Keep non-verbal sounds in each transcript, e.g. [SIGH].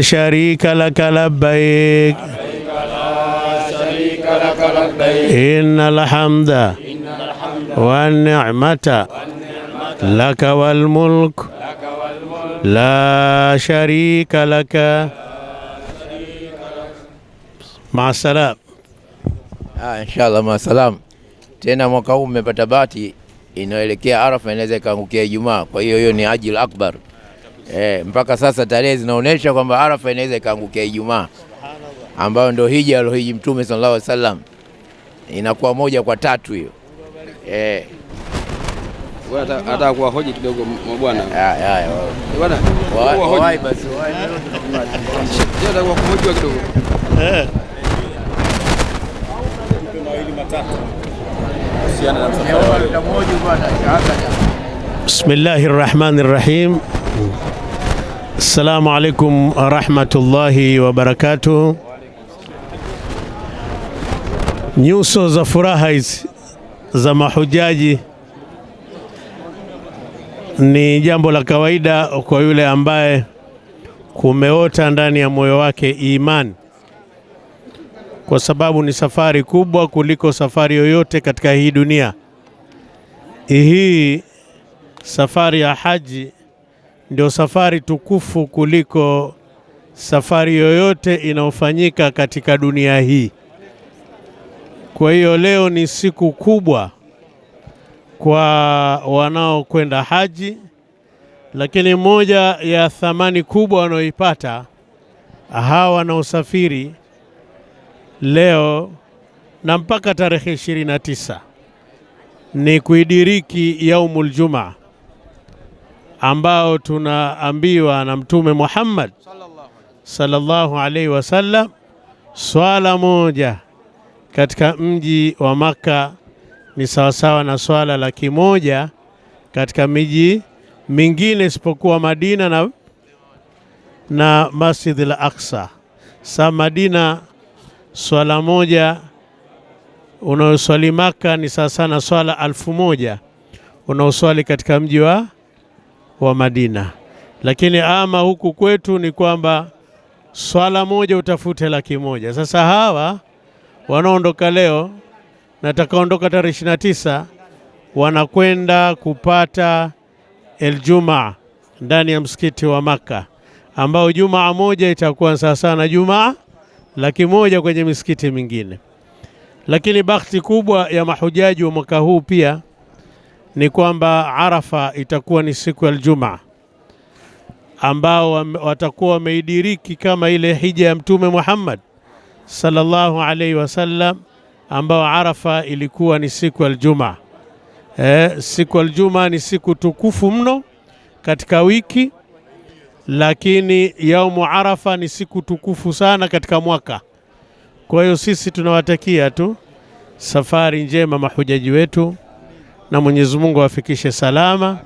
شريك لك لبيك إن الحمد والنعمة لك والملك لا شريك لك مع السلام آه إن شاء الله مع السلام tena mwaka huu mmepata bahati inaelekea Arafa inaweza ikaangukia Ijumaa kwa hiyo hiyo ni ajil akbar E, mpaka sasa tarehe zinaonyesha kwamba Arafa inaweza ikaangukia Ijumaa, ambayo ndio hija alohiji Mtume sallallahu alaihi wasallam, inakuwa moja kwa tatu hiyo e. Hata kwa hoji kidogo Haya ah, ah, ah. eh, bwana. Bwana. Wahi basi. kwa hoji Eh. Bismillahir Rahmanir Rahim. Assalamu alaikum warahmatullahi wabarakatuh. Nyuso za furaha hizi za mahujaji ni jambo la kawaida kwa yule ambaye kumeota ndani ya moyo wake imani, kwa sababu ni safari kubwa kuliko safari yoyote katika hii dunia. Hii safari ya haji ndio safari tukufu kuliko safari yoyote inayofanyika katika dunia hii. Kwa hiyo leo ni siku kubwa kwa wanaokwenda haji, lakini moja ya thamani kubwa wanaoipata hawa wanaosafiri leo na mpaka tarehe 29 ni kuidiriki yaumul jumaa ambao tunaambiwa na Mtume Muhammad sallallahu alaihi wasallam, swala moja katika mji wa Makka ni sawasawa na swala laki moja katika miji mingine isipokuwa Madina na, na Masjid al-Aqsa. Sa Madina swala moja unaoswali Makka ni sawasawa na swala alfu moja unaoswali katika mji wa wa Madina. Lakini ama huku kwetu ni kwamba swala moja utafute laki moja. Sasa hawa wanaondoka leo na takaondoka tarehe ishirini na tisa wanakwenda kupata Eljumaa ndani ya msikiti wa Makka, ambao jumaa moja itakuwa sawa na jumaa laki moja kwenye misikiti mingine. Lakini bahati kubwa ya mahujaji wa mwaka huu pia ni kwamba Arafa itakuwa ni siku ya Ijumaa ambao watakuwa wameidiriki kama ile hija ya Mtume Muhammad sallallahu alaihi wasallam, ambao Arafa ilikuwa ni siku ya Ijumaa. Eh, siku ya Ijumaa ni siku tukufu mno katika wiki, lakini yaumu Arafa ni siku tukufu sana katika mwaka. Kwa hiyo sisi tunawatakia tu safari njema mahujaji wetu na Mwenyezi Mungu afikishe salama,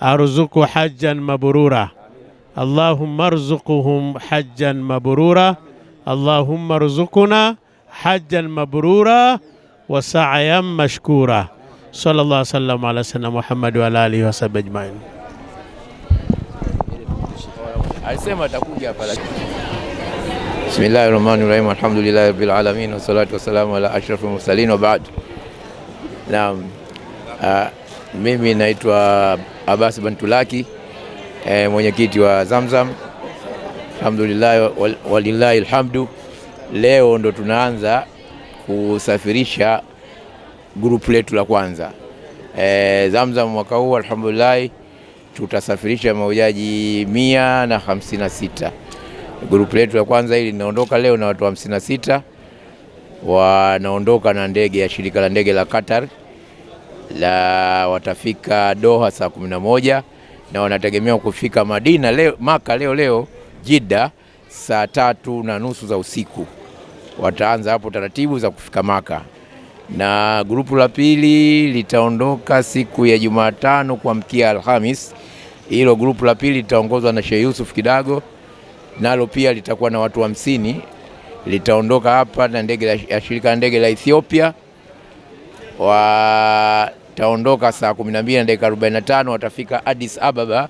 aruzuku hajjan mabrura. Allahumma arzuquhum hajjan mabrura, Allahumma ruzukuna hajjan mabrura wa sa'yan mashkura. Sallallahu alaihi wasallam ala Muhammad wa ala alihi wasabi ajmain. Alisema atakuja hapa lakini. Bismillahir Rahmanir Rahim. Alhamdulillahi Rabbil Alamin wassalatu wassalamu ala ashrafil mursalin wa ba'd. Naam. Uh, mimi naitwa Abbas Bantulaki eh, mwenyekiti wa Zamzam. Alhamdulillah walillahi alhamdu. Leo ndo tunaanza kusafirisha grupu letu la kwanza eh, Zamzam mwaka huu alhamdulillah tutasafirisha mahujaji mia na hamsini na sita. Grupu letu la kwanza hili linaondoka leo na watu hamsini na sita wanaondoka na ndege ya shirika la ndege la Qatar la watafika Doha saa 11 na wanategemewa kufika Madina leo, Maka leo leo Jida saa tatu na nusu za usiku. Wataanza hapo taratibu za kufika Maka, na grupu la pili litaondoka siku ya Jumatano kuamkia Alhamis. Hilo grupu la pili litaongozwa na Sheikh Yusuf Kidago, nalo pia litakuwa na watu hamsini. Litaondoka hapa na ndege ya shirika la ndege la Ethiopia wa taondoka saa 12 na dakika 45, watafika Addis Ababa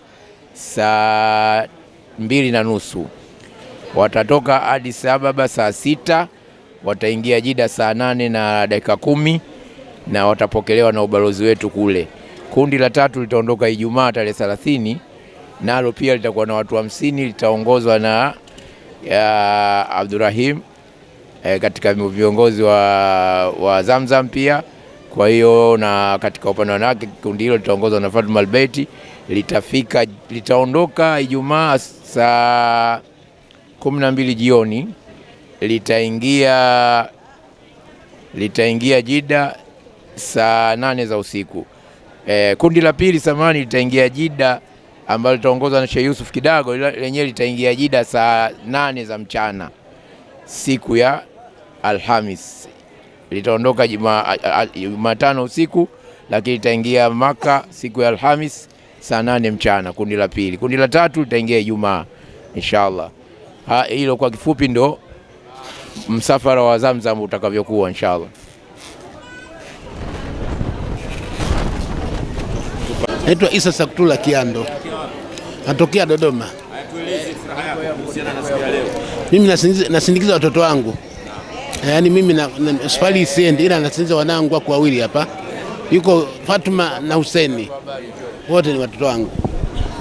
saa mbili na nusu. Watatoka Addis Ababa saa sita, wataingia Jida saa nane na dakika kumi na watapokelewa na ubalozi wetu kule. Kundi la tatu litaondoka Ijumaa tarehe thelathini, nalo pia litakuwa na watu hamsini, litaongozwa na Abdurahim eh, katika viongozi wa, wa Zamzam pia kwa hiyo na katika upande wanawake kundi hilo litaongozwa na Fatuma Albeti litafika litaondoka Ijumaa saa kumi na mbili jioni litaingia litaingia Jida saa nane za usiku. E, kundi la pili samani litaingia Jida ambalo litaongozwa na Sheikh Yusuf Kidago lenyewe litaingia Jida saa nane za mchana siku ya Alhamis litaondoka Jumatano usiku, lakini litaingia Maka siku ya Alhamis saa nane mchana, kundi la pili. Kundi la tatu litaingia Ijumaa inshallah. Hilo kwa kifupi ndo msafara wa Zamzam utakavyokuwa inshallah. Naitwa Isa Saktula Kiando, natokea Dodoma. Mimi nasindikiza watoto wangu yaani mimi na, na, hospitali siendi, ila nasinza wanangu wako wawili hapa, yuko Fatuma na Huseni, wote ni watoto wangu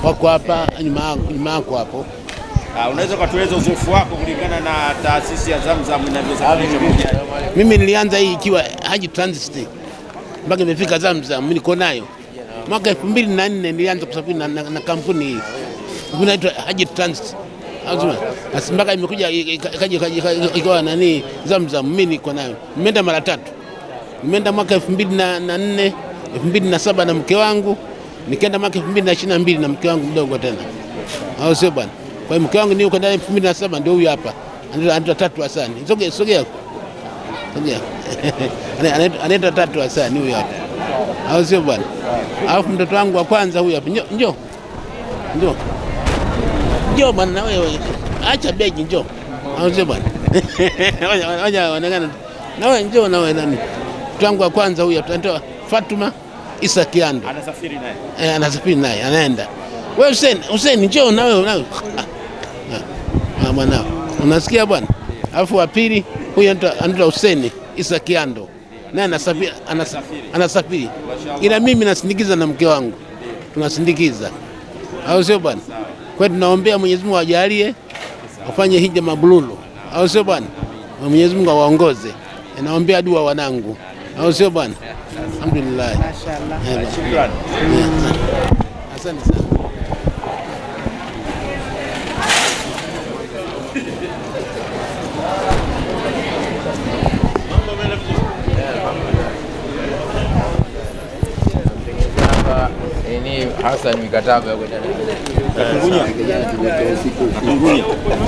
wako hapa nyuma nyuma yako hapo. Ah, unaweza kutueleza uzoefu wako kulingana na taasisi ya Zamzam inavyosafirisha maji? Mimi nilianza hii ikiwa Haji Transit mpaka nimefika Zamzam mimi niko nayo mwaka 2004 nilianza kusafiri na, na, na kampuni hii inaitwa Haji Transit basi mpaka imekuja ikawa nani Zamzam. Mimi niko nayo, nimeenda mara tatu. Nimeenda mwaka elfu mbili na nne elfu mbili na saba na mke wangu, nikaenda mwaka elfu mbili na ishirini na mbili na mke wangu mdogo tena, au sio bwana? Kwa hiyo mke wangu ni uko ndani elfu mbili na saba ndio huyu hapa, anaitwa Tatu Hasani. Sogea, sogea, sogea, [LAUGHS] anaitwa Tatu Hasani huyu hapa, au sio bwana? Alafu mtoto wangu wa kwanza huyu hapa, njoo, njoo, njoo njoo bwana na wewe, acha begi, njoo auze bwana, [LAUGHS] waja wanaonekana na wewe, njoo na wewe. Nani tangu wa kwanza huyo tunatoa Fatuma Isa Kiando, anasafiri naye eh, anasafiri naye anaenda. Wewe Hussein, Hussein njoo na wewe, na ah, bwana ah, unasikia bwana. Alafu wa pili huyo anaitwa Hussein Isa Kiando, naye anasafiri anasafiri, ila mimi nasindikiza na mke wangu tunasindikiza, au sio bwana? Kwa hiyo tunaombea Mwenyezi Mungu awajalie wafanye hija mabrulu, au sio bwana? Mwenyezi Mungu awaongoze. Naombea dua wanangu, au sio bwana? Alhamdulillah, mashaallah, asante sana. Hassan mikataba ya kwenda Kungunya. Kungunya.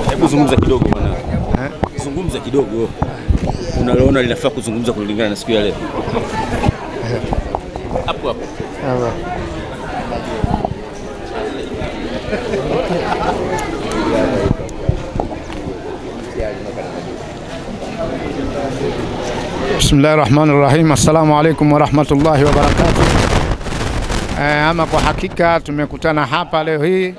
Hebu zungumza kidogo bwana, Eh? Zungumza kidogo. Unaloona linafaa kuzungumza kulingana na siku ya leo. Hapo hapo. Sawa. Bismillahir Rahmanir Rahim. Assalamu alaykum wa rahmatullahi wa barakatuh. Eh, ama kwa hakika tumekutana hapa leo hii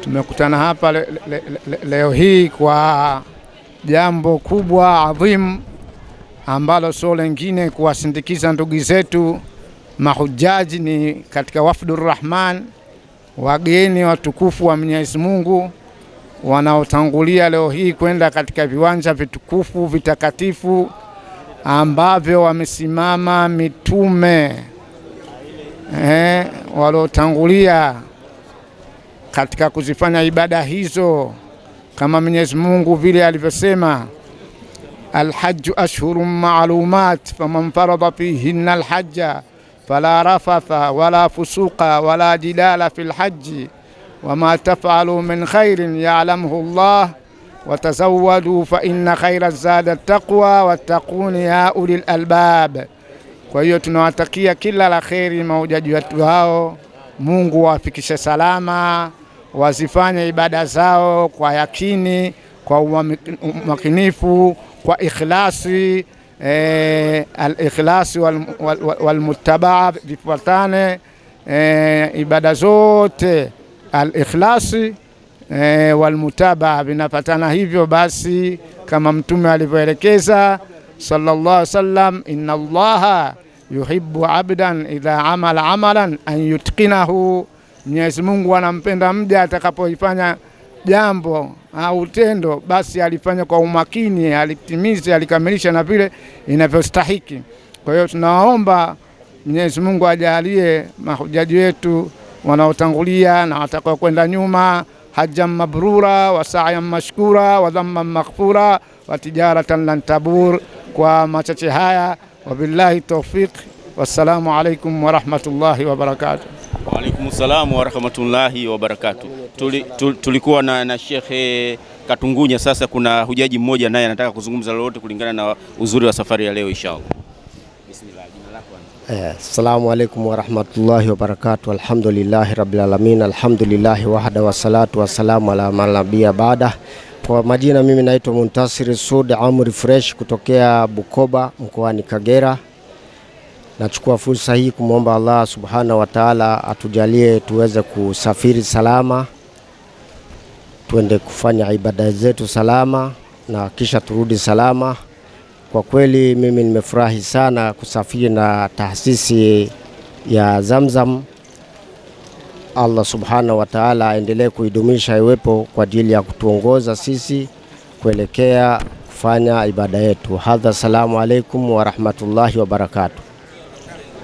tumekutana hapa le, le, le, leo hii kwa jambo kubwa adhimu ambalo sio lengine kuwasindikiza ndugu zetu mahujaji ni katika Wafdur Rahman, wageni watukufu wa Mwenyezi Mungu wanaotangulia leo hii kwenda katika viwanja vitukufu vitakatifu ambavyo wamesimama mitume eh, waliotangulia katika kuzifanya ibada hizo, kama Mwenyezi Mungu vile alivyosema, alhaju ashhurun maalumat faman faradha fihinna alhaja fala rafatha wala fusuqa wala jidala fi lhaji wama tafalu min khairin yalamhu llah watazawadu fainna khaira zada taqwa wattaquni ya ulil albab kwa hiyo tunawatakia kila la kheri mahujaji wetu hao, Mungu wawafikishe salama, wazifanye ibada zao kwa yakini, kwa umakinifu, kwa ikhlasi. E, eh, al-ikhlasi walmutabaa vifuatane. E, ibada zote al-ikhlasi e, eh, walmutabaa vinafatana. Hivyo basi kama Mtume alivyoelekeza sallallahu alaihi wasallam, inna allaha yuhibbu abdan idha amala amalan an yutqinahu, Mwenyezi Mungu anampenda mja atakapoifanya jambo au tendo, basi alifanya kwa umakini, alitimize alikamilisha na vile inavyostahiki. Kwa hiyo tunawaomba Mwenyezi Mungu ajalie mahujaji wetu wanaotangulia na watakao kwenda nyuma hajjan mabrura wa sa'yan mashkura wa dhamman maghfura wa tijaratan lan tabur. Kwa machache haya, wabillahi taufiq, wassalamu alaikum warahmatullahi wabarakatuh. Waalaikum salamu warahmatullahi wabarakatuh. Tuli, tulikuwa na, na shekhe eh, Katungunya. Sasa kuna hujaji mmoja naye anataka kuzungumza lolote kulingana na uzuri wa safari ya leo inshallah. Bismillah, jina eh? Assalamu alaykum warahmatullahi wabarakatuh. Alhamdulillahi rabbil alamin. Alhamdulillahi wahda wassalatu wassalamu ala man nabiyya ba'da kwa majina mimi naitwa Muntasiri Sud Amri Fresh kutokea Bukoba mkoani Kagera. Nachukua fursa hii kumwomba Allah subhana wa taala atujalie tuweze kusafiri salama, tuende kufanya ibada zetu salama na kisha turudi salama. Kwa kweli mimi nimefurahi sana kusafiri na taasisi ya Zamzam Allah subhanahu wa taala aendelee kuidumisha iwepo kwa ajili ya kutuongoza sisi kuelekea kufanya ibada yetu. Hadha, salamu alaikum warahmatullahi wabarakatu.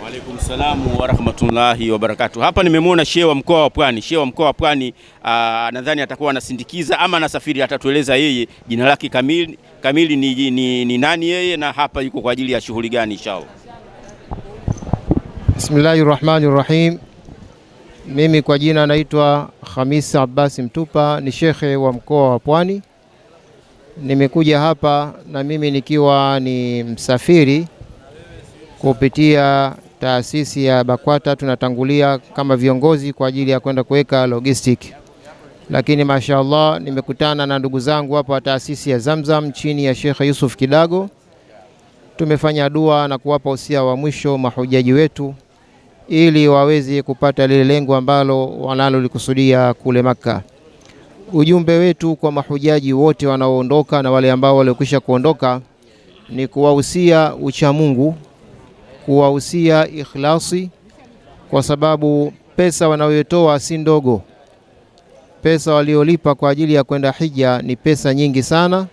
Waalaikum salamu warahmatullahi wabarakatu. Hapa nimemwona shehe wa mkoa wa Pwani. Shehe wa mkoa wa Pwani nadhani atakuwa anasindikiza ama anasafiri, atatueleza yeye jina lake kamili, kamili ni, ni, ni, ni nani yeye na hapa yuko kwa ajili ya shughuli gani inshallah. Bismillahirrahmanirrahim mimi kwa jina naitwa Khamis Abbas Mtupa, ni shekhe wa mkoa wa Pwani. Nimekuja hapa na mimi nikiwa ni msafiri kupitia taasisi ya BAKWATA. Tunatangulia kama viongozi kwa ajili ya kwenda kuweka logistic, lakini mashaallah nimekutana na ndugu zangu hapa wa taasisi ya Zamzam chini ya Shekhe Yusuf Kidago. Tumefanya dua na kuwapa usia wa mwisho mahujaji wetu ili waweze kupata lile lengo ambalo wanalolikusudia kule Makka. Ujumbe wetu kwa mahujaji wote wanaoondoka na wale ambao waliokwisha kuondoka ni kuwahusia uchamungu, kuwahusia ikhlasi, kwa sababu pesa wanayotoa si ndogo. Pesa waliolipa kwa ajili ya kwenda hija ni pesa nyingi sana,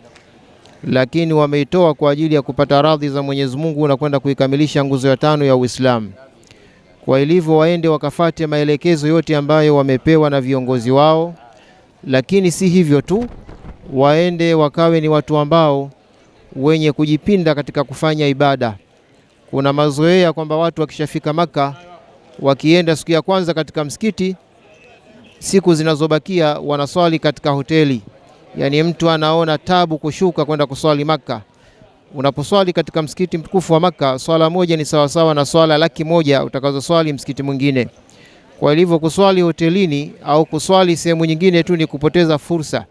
lakini wameitoa kwa ajili ya kupata radhi za Mwenyezi Mungu na kwenda kuikamilisha nguzo ya tano ya Uislamu. Kwa ilivyo waende wakafate maelekezo yote ambayo wamepewa na viongozi wao, lakini si hivyo tu, waende wakawe ni watu ambao wenye kujipinda katika kufanya ibada. Kuna mazoea kwamba watu wakishafika Maka, wakienda siku ya kwanza katika msikiti, siku zinazobakia wanaswali katika hoteli. Yaani mtu anaona tabu kushuka kwenda kuswali Maka. Unaposwali katika msikiti mtukufu wa maka swala moja ni sawasawa na swala laki moja utakazoswali msikiti mwingine. Kwa hivyo kuswali hotelini au kuswali sehemu nyingine tu ni kupoteza fursa.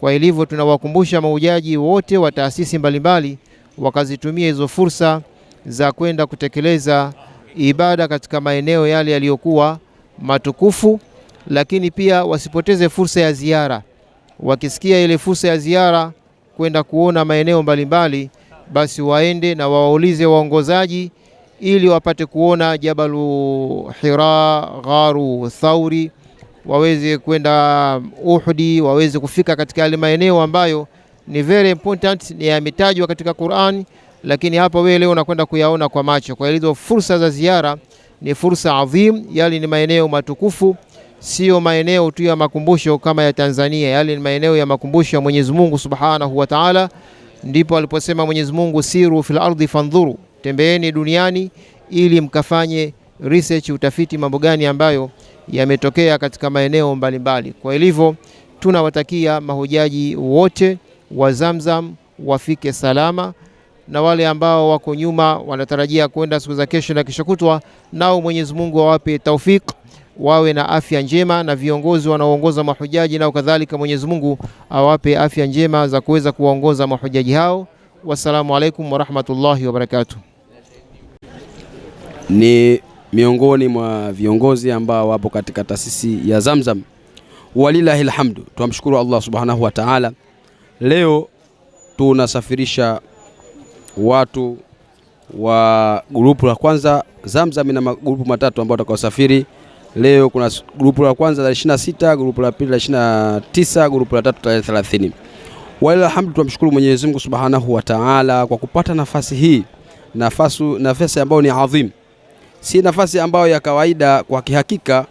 Kwa hivyo tunawakumbusha mahujaji wote wa taasisi mbalimbali wakazitumia hizo fursa za kwenda kutekeleza ibada katika maeneo yale yaliyokuwa matukufu, lakini pia wasipoteze fursa ya ziara. Wakisikia ile fursa ya ziara kwenda kuona maeneo mbalimbali basi waende na waulize waongozaji ili wapate kuona Jabalu Hira, Gharu Thauri, waweze kwenda Uhudi, waweze kufika katika yale maeneo ambayo ni very important, ni yametajwa katika Qur'ani, lakini hapa wewe leo unakwenda kuyaona kwa macho. Kwa hizo fursa za ziara ni fursa adhim, yali ni maeneo matukufu, sio maeneo tu ya makumbusho kama ya Tanzania, yali ni maeneo ya makumbusho ya Mwenyezi Mungu Subhanahu wa Ta'ala ndipo aliposema Mwenyezi Mungu, siru fil ardi fandhuru, tembeeni duniani ili mkafanye research, utafiti mambo gani ambayo yametokea katika maeneo mbalimbali. Kwa hivyo tunawatakia mahujaji wote wa Zamzam wafike salama, na wale ambao wako nyuma wanatarajia kwenda siku za kesho na kesho kutwa, nao Mwenyezi Mungu awape taufiki wawe na afya njema na viongozi wanaoongoza mahujaji nao kadhalika, Mwenyezi Mungu awape afya njema za kuweza kuwaongoza mahujaji hao. Wassalamu alaikum warahmatullahi wabarakatuh. Ni miongoni mwa viongozi ambao wapo katika taasisi ya Zamzam. Walilahi lhamdu, tuamshukuru Allah subhanahu wa taala. Leo tunasafirisha watu wa grupu la kwanza Zamzam na magrupu matatu ambao watakaosafiri Leo kuna grupu la kwanza la 26, grupu la pili la 29, grupu la tatu la 30. Walilahi hamdu, tunamshukuru Mwenyezi Mungu Subhanahu wa Ta'ala kwa kupata nafasi hii, nafasi nafasi ambayo ni adhim, si nafasi ambayo ya kawaida. Kwa kihakika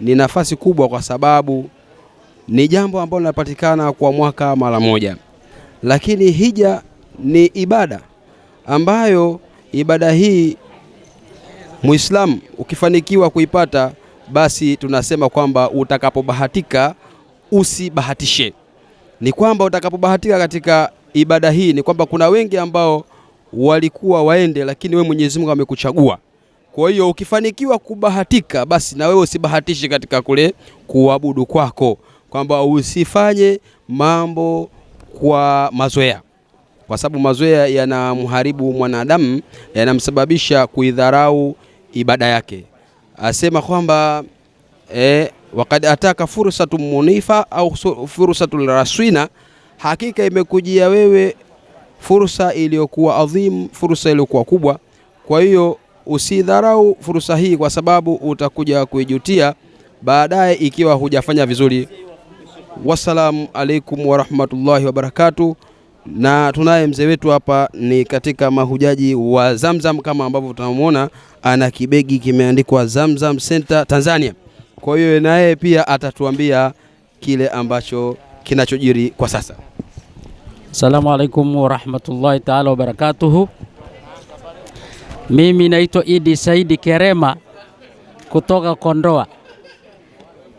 ni nafasi kubwa, kwa sababu ni jambo ambalo linapatikana kwa mwaka mara moja, lakini hija ni ibada ambayo ibada hii Muislamu ukifanikiwa kuipata basi tunasema kwamba utakapobahatika usibahatishe. Ni kwamba utakapobahatika katika ibada hii ni kwamba kuna wengi ambao walikuwa waende, lakini we Mwenyezi Mungu amekuchagua. Kwa hiyo ukifanikiwa kubahatika, basi na wewe usibahatishe katika kule kuabudu kwako, kwamba usifanye mambo kwa mazoea, kwa sababu mazoea yanamharibu mwanadamu, yanamsababisha kuidharau ibada yake asema kwamba eh, wakad ataka fursatu munifa au fursatu raswina, hakika imekujia wewe fursa iliyokuwa adhimu, fursa iliyokuwa kubwa. Kwa hiyo usidharau fursa hii, kwa sababu utakuja kuijutia baadaye ikiwa hujafanya vizuri. Wassalamu alaikum warahmatullahi wabarakatuh na tunaye mzee wetu hapa, ni katika mahujaji wa Zamzam kama ambavyo tunamwona ana kibegi kimeandikwa Zamzam Center Tanzania. Kwa hiyo naye pia atatuambia kile ambacho kinachojiri kwa sasa. Assalamu alaikum rahmatullahi taala wa barakatuhu Mimi naitwa Idi Saidi Kerema kutoka Kondoa,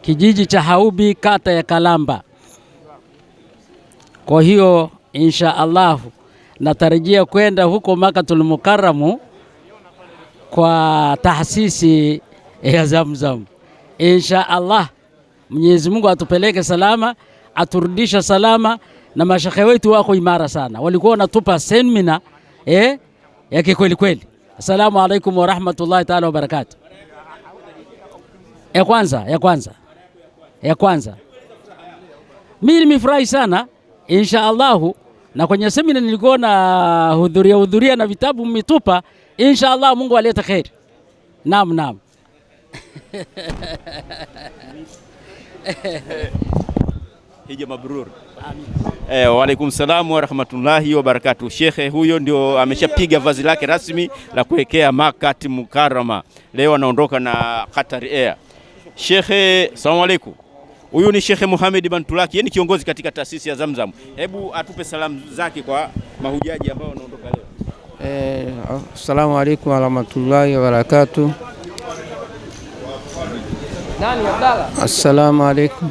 kijiji cha Haubi, kata ya Kalamba. Kwa hiyo insha allahu natarajia kwenda huko maka Mukarramu kwa taasisi ya Zamzam insha allah. Mwenyezi Mungu atupeleke salama, aturudisha salama, na mashake wetu wako imara sana, walikuwa wanatupa semina eh, ya kikweli kweli. Assalamu alaikum wa rahmatullahi taala wa barakatuh. Ya kwanza ya kwanza ya kwanza, mimi nimefurahi sana insha allahu na kwenye semina nilikuwa na hudhuria hudhuria na vitabu mmetupa, inshallah Mungu alete kheri. Naam, naam. [LAUGHS] Hija mabrur. Eh, wa alaikum salam wa rahmatullahi wa barakatuh. Shekhe huyo ndio ameshapiga vazi lake rasmi la kuwekea Makati Mukarama, leo anaondoka na Qatar Air. Shekhe, salamu alaikum. Huyu ni Shekhe muhamedi Bantulaki, yeye ni kiongozi katika taasisi ya Zamzam. Hebu atupe salamu zake kwa mahujaji ambao wanaondoka leo. Eh, assalamu alaykum warahmatullahi wabarakatuh. Nani Abdalla? Assalamu alaykum.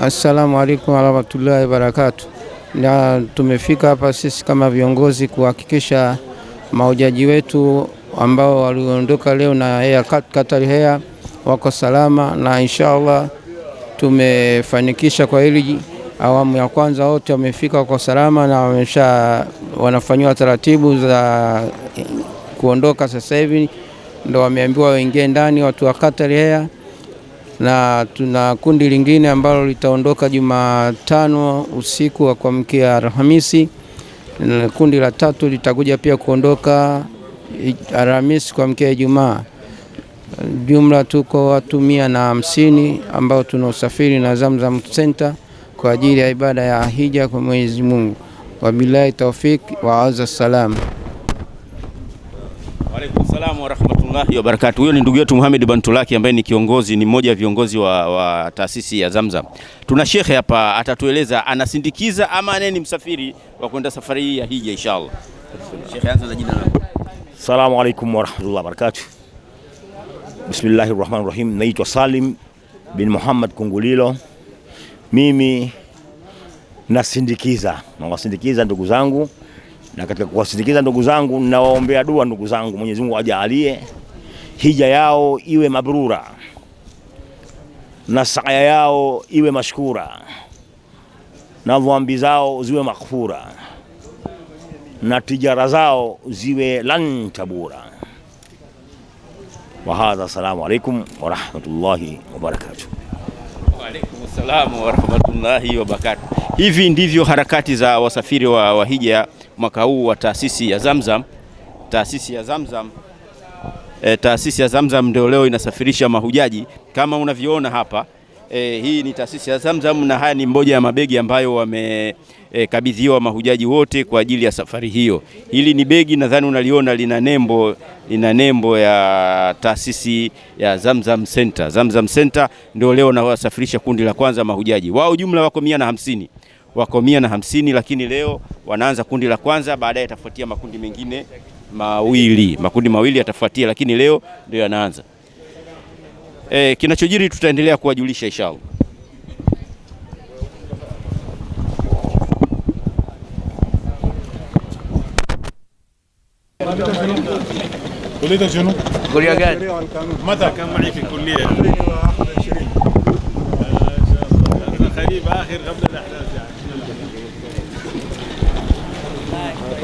Assalamu alaykum warahmatullahi wabarakatu Na tumefika hapa sisi kama viongozi kuhakikisha mahujaji wetu ambao waliondoka leo na Air Qatar Air wako salama na inshallah tumefanikisha kwa hili awamu ya kwanza, wote wamefika kwa salama na wamesha wanafanyiwa taratibu za kuondoka. Sasa hivi ndo wameambiwa waingie ndani watu wa Qatar Air, na tuna kundi lingine ambalo litaondoka Jumatano usiku wa kuamkia Alhamisi. Kundi la tatu litakuja pia kuondoka Alhamisi kuamkia Ijumaa. Jumla tuko watu mia na hamsini ambao tuna usafiri na Zamzam Center kwa ajili ya ibada ya hija kwa Mwenyezi Mungu. Wabillahi taufik wa azza salam. Waalaikum salam wa rahmatullahi wa Huyo ni ndugu yetu Muhammad Bantulaki ambaye ni kiongozi, ni mmoja wa viongozi wa, wa taasisi ya Zamzam. Tuna shekhe hapa atatueleza anasindikiza ama anaye ni msafiri wa kwenda safari hii ya hija inshallah. Shekhe, anza na jina lako. Asalamu alaykum wa rahmatullahi wa barakatuh. Bismillahi rahmani rahim. Naitwa Salim bin Muhammad Kungulilo. Mimi nasindikiza, nawasindikiza ndugu zangu, na katika kuwasindikiza ndugu zangu nawaombea dua ndugu zangu, Mwenyezi Mungu ajalie hija yao iwe mabrura na saya yao iwe mashkura na dhambi zao ziwe maghfura na tijara zao ziwe lan tabura wa assalamu alaikum warahmatullahi wabarakatu Wa alaikum warahmatullahi wabarakatu Hivi ndivyo harakati za wasafiri wa wahija mwaka huu wa taasisi ya Zamzam. Taasisi ya Zamzam e, taasisi ya Zamzam ndio leo inasafirisha mahujaji kama unavyoona hapa. E, hii ni taasisi ya Zamzam na haya ni mmoja ya mabegi ambayo wamekabidhiwa e, mahujaji wote kwa ajili ya safari hiyo. Hili ni begi nadhani unaliona lina nembo, lina nembo ya taasisi ya Zamzam Center. Zamzam Center ndio leo nawasafirisha kundi la kwanza mahujaji wao, jumla wako mia na hamsini wako mia na hamsini lakini leo wanaanza kundi la kwanza, baadaye yatafuatia makundi mengine mawili, makundi mawili yatafuatia, lakini leo ndio yanaanza. e, kinachojiri tutaendelea kuwajulisha inshallah.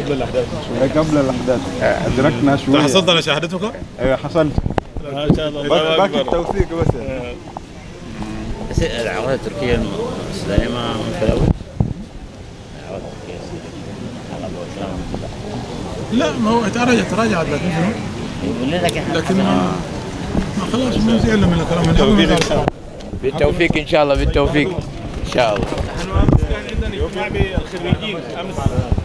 قبل الاحداث قبل الاحداث ادركنا شويه حصلت على شهادتك؟ ايوه حصلت ما شاء الله باقي التوثيق بس آه. بس التركيه السودانيه ما مشكله لا ما هو تراجع تراجع لكن شنو؟ لكن ما خلاص ما زي الا من الكلام يعني بالتوفيق ان شاء الله بالتوفيق ان شاء الله. نحن امس كان عندنا اجتماع بالخريجين امس